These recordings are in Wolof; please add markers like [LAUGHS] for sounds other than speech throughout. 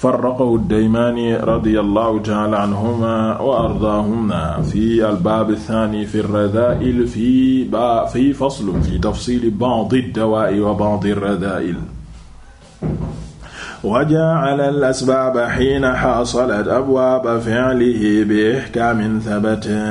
farraqahu ad-Daymaani radiyallahu ta'ala anhuma wa ardaahuma fi al-baab ath-thaani fi ar-radaa'il fi ba fi fasl fi tafsiil ba'd ad-dawaa'i wa ba'd ar-radaa'il wa ja'ala al-asbaaba hiina haasalat abwaaba fi'lihi bi ihkaamin thabata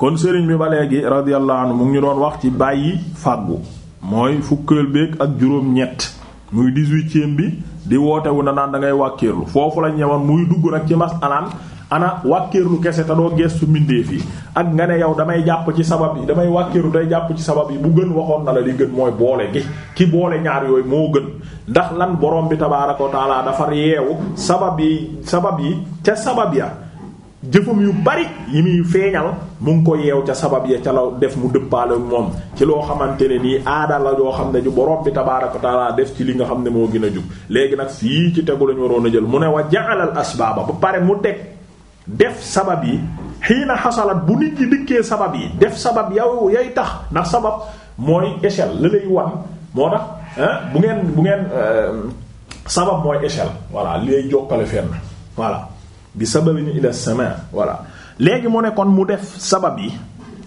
kon sëriñ bi ba léegi radiyallahu anhu mu ngi doon wax ci bàyyi fàggu mooy fukkeel beek ak juróom ñett muy dix-huitième bi di wootewu nanaan naan da ngay wàkkeerlu foofu la ñewoon muy dugg nag ci masalaan ana wàkkeerlu kese te doo gestu mbindeef yi ak nga ne yow damay jàpp ci sabab yi damay wàkkeerlu day jàpp ci sabab yi bu gën waxoon na la li gën mooy boole gi ki boole ñaar yooyu moo gën ndax lan borom bi tabaaraka wa taala dafa yeewu sabab yi sabab yi ca sabab ya jëfam yu bari yi muy feeñal mu ngi ko yeew ca sabab ya ca la def mu dëppaale moom ci loo xamante ne nii aada yoo xam ne ju borom bi tabaaraka wa taala def ci li nga xam ne moo gën a jub léegi nag fii ci tegu lañu waroon a jël mu ne wa ja'alal asbaaba ba pare mu teg def sabab yi xiina xasalat bu nit ñi dikkee sabab yi def sabab yow yay tax ndax sabab mooy échelle la lay wan moo tax bu ngeen bu ngeen euh, sabab mooy échelle voilà li lay jokkale fenn voilà. bi sababin ila sama voilà léegi mu ne kon mu def sabab yi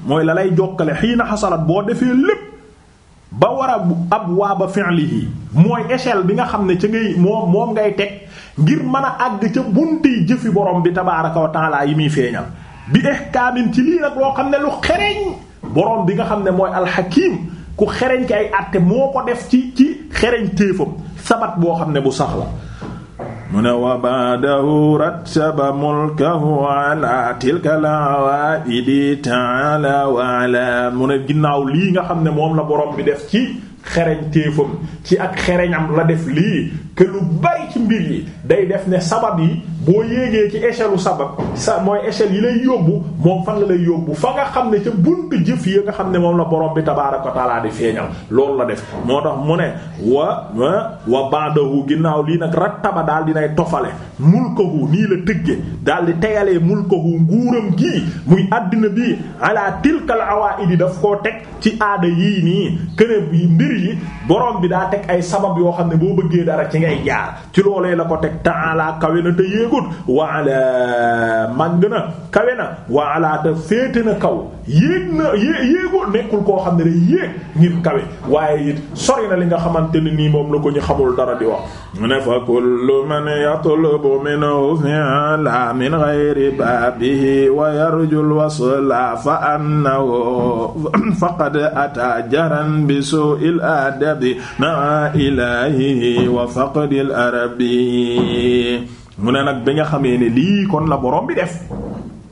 mooy la lay jokkale xiina xasalat boo defee lépp ba war a ab waa ba fi'lihi mooy échelle bi nga xam ne ci ngay moom moom ngay teg ngir mën a àgg ca bunti jëfi borom bi tabaaraka wa yi muy feeñal bi ihkaamin ci lii nag loo xam ne lu xereñ borom bi nga xam ne mooy alxakim ku xereñ ki ay àtte moo ko def ci ci xereñ téefam sabat boo xam ne bu sax la mu ne wa baadahu rattaba mulkahu ala tilka lawaidi taala wa ala mu ne ginnaaw lii nga xam ne moom la borom bi def ci xereñ téefam ci ak xereñam la def lii que lu ci mbir yi day def ne sabab yi boo yéegee ci échelle u sabab sa mooy échelle yi lay yóbbu moo fan la lay yóbbu fa nga xam ne ca buntu jëf yi nga xam ne moom la borom bi tabaaraka wa taala di feeñal loolu la def moo tax mu ne wa wa ba'dahu ginnaaw lii nag rattaba daal dinay tofale mulkahu nii la tëgge daal di tegalee mulkahu nguuram gi muy àddina bi ala tilkal awaa'idi daf koo teg ci aada yii nii këne bi mbir yi borom bi daa teg ay sabab yoo xam ne boo bëggee dara ci ngay jaar ci loolee la ko teg ta'ala kawe na te yéego yëgut waala màgg na kawe na waala te féete na kaw yéeg na yée yéegoo nekkul koo xam ne day yéeg ngir kawe waaye it sori na li nga xamante ne nii moom la ko ñu xamul dara di wax mu ne fa kullu man yatlubu minhu fi'la min ghayri babihi wa yarjul wasla fa annahu faqad ata jaran bi su'il adabi ma'a ilahihi wa faqdil arabi mu ne nag bi nga xamee ne lii kon la borom bi def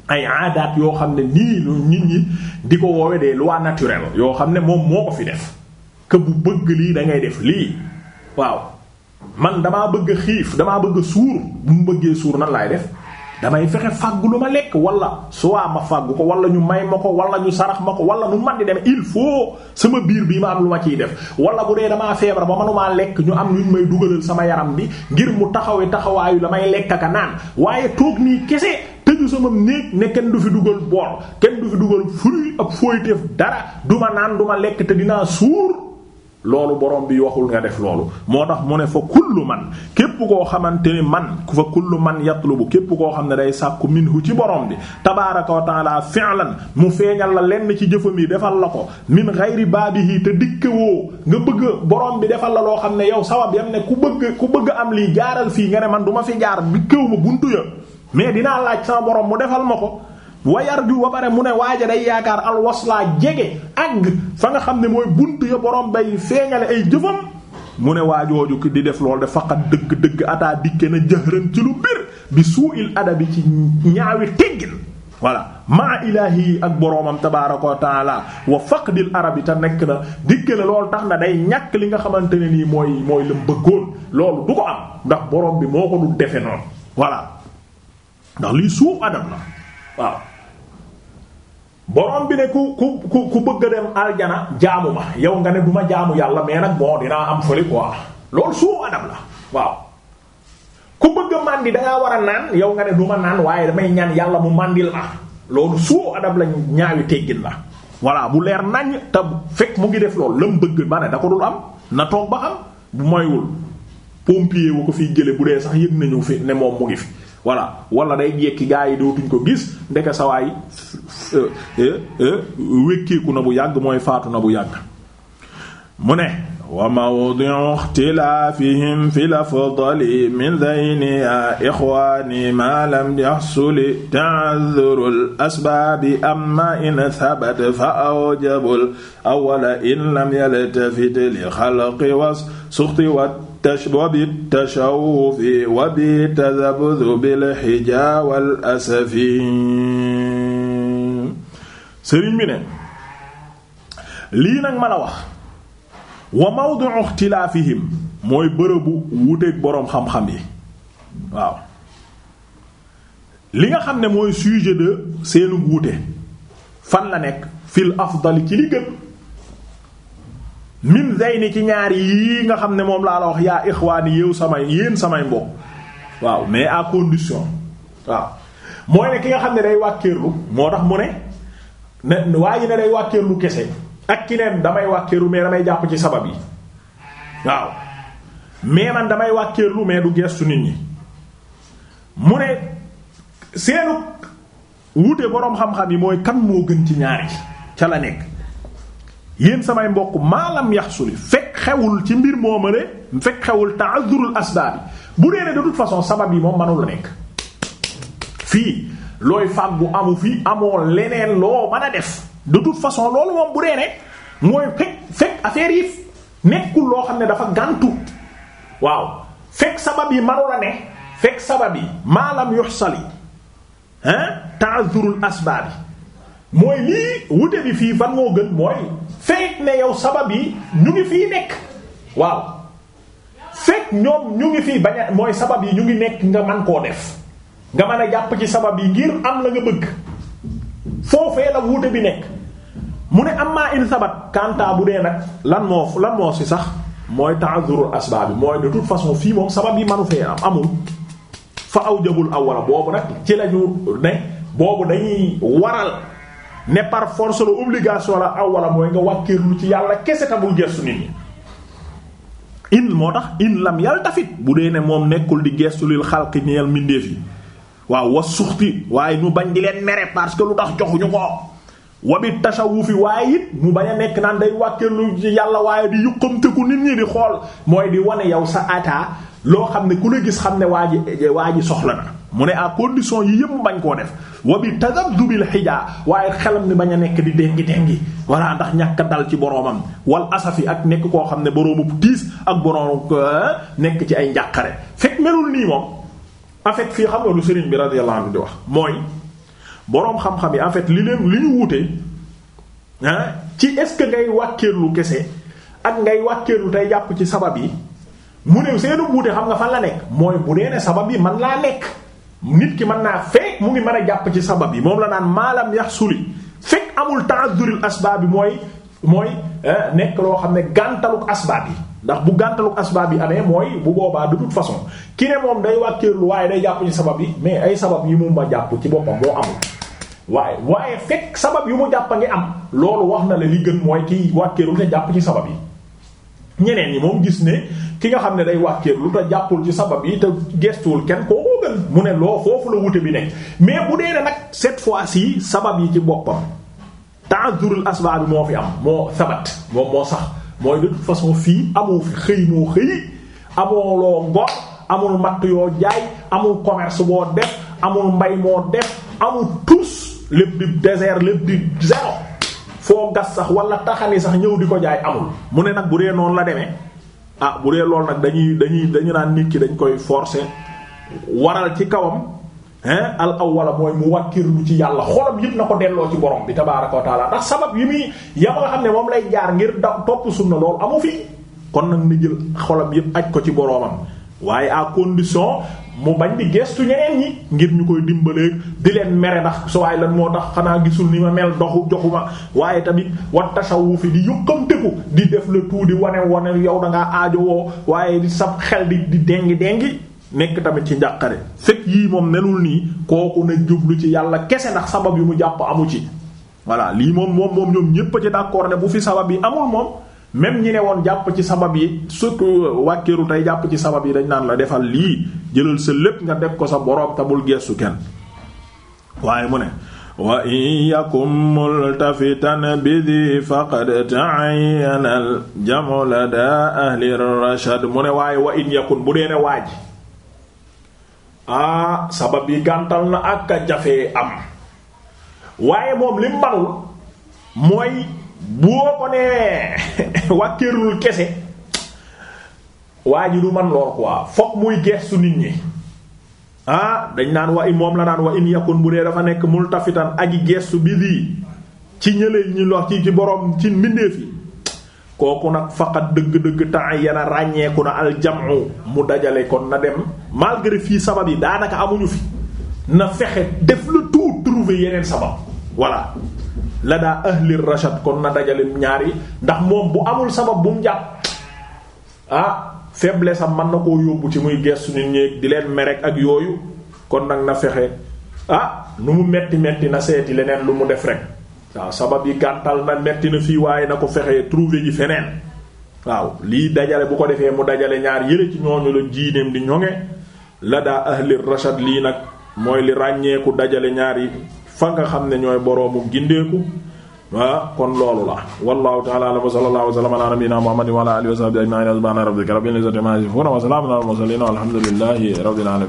ay aadaat yoo xam ne nii nit ñi di ko woowe des lois naturelles yoo xam ne moom moo ko fi def que bu bëgg lii dangay def lii waaw man damaa bëgg xiif damaa bëgg suur bu mu bëggee suur nan laay def damay fexe fàggu lu ma lekk wala soit ma fàggu ko wala ñu may ma ko wala ñu sarax ma ko wala nu man di demee il faut sama biir bii ma am lu ma ciy def wala bu dee damaa feebar ba manumaa lekk ñu am luñ may dugalal sama yaram bi ngir mu taxawee taxawaayu la may lekk aka naan waaye toog nii kese. tëju sama néeg ne kenn du fi dugal bool kenn du fi dugal fruit ak fooyteef dara du ma naan du ma lekk te dinaa suur loolu borom bi waxul nga def loolu moo tax mu ne fa kullu man képp koo xamante ni man fa kullu man yatlubu képp koo xam ne day sàkku minhu ci borom bi tabaaraka wa taala fi'lan mu feeñal la lenn ci jëfam yi defal la ko min ghayri baabihi te dikkewoo nga bëgg borom bi defal la loo xam ne yow sabab yam ne ku bëgg ku bëgg am lii jaaral fii nga ne man du ma fi jaar bi dikkewu ma buntu ya mais dinaa laaj sa borom mu defal ma ko wa yarju ba pare mu ne waaja day yaakaar alwaslaa jege àgg fa nga xam ne mooy bunt ya borom bay feeñale ay jëfam mu ne waajooju ki di def lool de faqat dëgg-dëgg ataa dikke na jëxëran ci lu bir bi suu'il bi ci ñaawi teggin voilà maa ilaahi ak boroomam tabaaraka wa fakk wa faqdil arabi te nekk na dikke na loolu tax na day ñàkk li nga xamante ne nii mooy mooy la bëggoon loolu du ko am ndax borom bi moo ko du defe noonu voilà ndax lii borom bi ne ku ku ku bëgg a dem aljana jaamu ma yow nga ne du ma jaamu yàlla mais nag bon dinaa am fële quoi loolu suu adam la waaw ku bëgg a màndi dangaa war a naan yow nga ne du naan waaye damay ñaan yàlla mu màndil ma loolu suu adam la ñaawi teggin la voilà bu leer nañ te fekk mu ngi def lool lam bëgg ma ne da ko dul am na toog ba am bu moywul pompier ko fiy jële bu dee sax yëg nañu fi ne moom mu ngi fi voilà wala day jekki gaa yi dootuñ ko gis ndeke sawaay eh, eh, wékkeeku na bu yàgg mooy faatu na bu yàgg mu ne wa mawdi'u ikhtilafihim fil afdali min dhayni ya ikhwani ma lam yahsuli ta'dhurul asbaabi amma in thabat fa awjabul awwala in lam yaltafit li khalqi was sukhti wat tash wa bi sëriñ bi ne lii nag ma la wax wa mawdu'u ixtilaafihim mooy bërëbu wuteeg boroom xam-xam yi waaw li nga xam ne mooy sujet de seenu wuute fan la nekk fil afdali ci li gën min ni ci ñaar yii nga xam ne moom laa la wax yaa ixwaani yéew samay yéen samay mbokk waaw mais à condition waaw mooy ne ki nga xam ne day wàkkeerlu moo tax mu ne ne waa ji day wàkkeerlu kese ak ki neen damay wàkkeerlu mais damay jàpp ci sabab yi waaw mais man damay wàkkeerlu mais du gestu nit ñi mu ne seenu wute boroom xam-xam yi mooy kan moo gën ci ñaar yi ca la nekk yéen samay mbokk maalam yaxsuli fekk xewul ci mbir moomale fekk xewul ta'azzurul asbaabi bu dee ne de façon sabab yi moom mënul nekk fii looy fàggu amu fi amoo leneen loo mën a def de toute façon loolu moom bu dee mooy fekk fekk affaire yi nekkul loo xam ne dafa gantu waaw fekk sabab yi mënul la ne fekk sabab yi maalam yuxsali hein ta'azzurul asbaabi mooy lii wute bi fii fan moo gën mooy fekk ne yow sabab yi ñu ngi fii nekk waaw fekk ñoom ñu ngi fii bañ mooy sabab yi ñu ngi nekk nga man koo def nga man a jàpp ci sabab yi ngir am la nga bëgg foofee la wute bi nekk mu ne am amma in sabat kanta bu dee nag lan moo lan moo si sax mooy ta'azzurul asbaab bi mooy de toute façon fii moom sabab yi manu fee am amul fa aw walla boobu nag ci lañu ne boobu dañuy waral ne par force la obligation la aw wala mooy nga wàkkeerlu ci yàlla kese ta bul gestu nit ñi in moo tax indi lam yaltafit bu dee ne moom nekkul di gestu lil xalqi ñeel mbindeef yi waaw wa suxti waaye ñu bañ di leen mere parce que lu tax joxuñu ko tasawu fi waaye it mu bañ a nekk naan day wàkkeerlu ci yàlla waaye di yuqamteku nit ñi di xool mooy di wane yow sa ata loo xam ne ku la gis xam ne waa ji waa ji soxla na mu ne à condition yi yëpp bañ koo def wa bi tadabdubil xijaa waaye xelam mi bañ a nekk di dengi dengi walla ndax ñàkk a dal ci boroomam wal asafi ak nekk koo xam ne boroomu tiis ak boroom euh, nekk ci ay njàqare fekk melul nii moom en fii xam nga lu sëriñ bi radiyallahu anhu di wax mooy boroom xam-xam yi en fait li leen li ñu wute ci est-ce que ngay wàkkeerlu kese ak ngay wàkkeerlu tey jàpp ci sabab yi mu ne seenu wute xam nga fan la nekk mooy bu dee ne sabab yi man laa nekk. nit ki mën naa fekk mu ngi man a jàpp ci sabab yi moom la naan maalam yax suli fekk amul ta'azzuril asbaab bi mooy mooy eh, nekk loo xam ne gàntalu asbaab yi ndax bu gàntalu asbaab yi amee mooy bu boobaa de toute façon ki ne moom day wàkkeerlu waaye day jàpp ci sabab yi mais ay sabab yi mu ma jàpp ci boppam boo amul waaye waaye fekk sabab yu mu jàpp a ngi am loolu wax na la li gën mooy kiy wàkkeerlu te jàpp ci sabab yi ñeneen yi moom gis ne ki nga xam ne day wàkkeerlu te jàppul ci sabab yi te gestuwul kenn ko mu ne loo foofu la wute bi nekk mais bu dee ne nag cette fois-ci sabab yi ci boppam ta'azzurul asbaab bi moo fi am moo sabat moom moo sax mooy de façon fii amoo fi xëy moo xëy amoo amul yoo jaay amul commerce boo def amul mbay moo def amul tous lépp di désert lép di zéro foo gas sax wala taxani sax ñëw di ko jaay amul mu ne nag bu dee noonu la demee ah bu dee loolu nag dañuy dañuy dañu naan nit ki dañ koy forcer waral ci kawam hein al awwala mooy mu wàkkirlu ci yàlla xolam yëpp na ko delloo ci borom bi tabaaraka wa taala ndax sabab yi muy ya nga xam ne moom lay jaar ngir da topp sunna loolu amu fi kon nag ni jël xolam yëpp aj ko ci boromam waaye à condition mu bañ gestu ñeneen ñi ngir ñu koy dimbaleeg di leen mere ndax sa waay lan moo tax xanaa gisul ni ma mel doxu joxuma waaye tamit wat tasawuf fi di yëkkamteku di def la tout di wane wane yow da ngaa aajowoo waaye di sab xel di di dengi dengi nekk tamit ci njàqare fekk yii moom nelul nii kooku na jublu ci yàlla kese ndax sabab yu mu jàpp amu ci voilà lii moom moom moom ñoom ñépp ci d'accord ne bu fi sabab yi amul moom même ñi ne woon jàpp ci sabab yi surtout euh, wàkkeeru tey jàpp ci sabab yi dañ naan la defal lii jëlal sa lépp nga def ko sa boroom tabul geesu kenn waaye mu ne wa in yakum multafitan bidi faqad ta'ayyana al jam'u lada ahli rashad mu ne waaye wa in yakun bu dee ne waaj ah sabab yi gàntal na ak a jafee am waaye moom li mbanul mooy boo ko nee [LAUGHS] wàkkirlul kese waa ji du man lool quoi fokk muy geestu nit ñi ah, dañ naan wa i moom la naan wa in yakun bu dee dafa nekk mul tafitan aji geestu bi di ci ñëlee ñi lox ci ci borom ci mbindeef yi kooku nag faqat dëgg-dëgg ta'ayyana ràññeeku na aljamu mu dajale kon na dem malgré fii sabab yi daanaka amuñu fi na fexe def la tout trouver yeneen sabab voilà la daa ahli rashad kon na dajale ñaar ndax moom bu amul sabab bum mu jàpp ah faiblesse am mën na ko yóbbu ci muy gestu nit ñi di leen merek ak yooyu kon nag na fexe ah nu mu metti metti na seeti leneen lu mu def rek waaw sabab yi gàntal na metti na fii waaye na ko fexee trouver ji feneen waaw lii dajale bu ko defee mu dajale ñaar yële ci ñooñu la jiineem di ñoŋe la daa ahli rashad lii nag mooy li ràññeeku dajale ñaar yi fa nga xam ne ñooy boroomu gindeeku wa kon loolu la wallahu ta'ala a'lam wa sallallahu wa sallama ala nabiyyina muhammadin wa ala alihi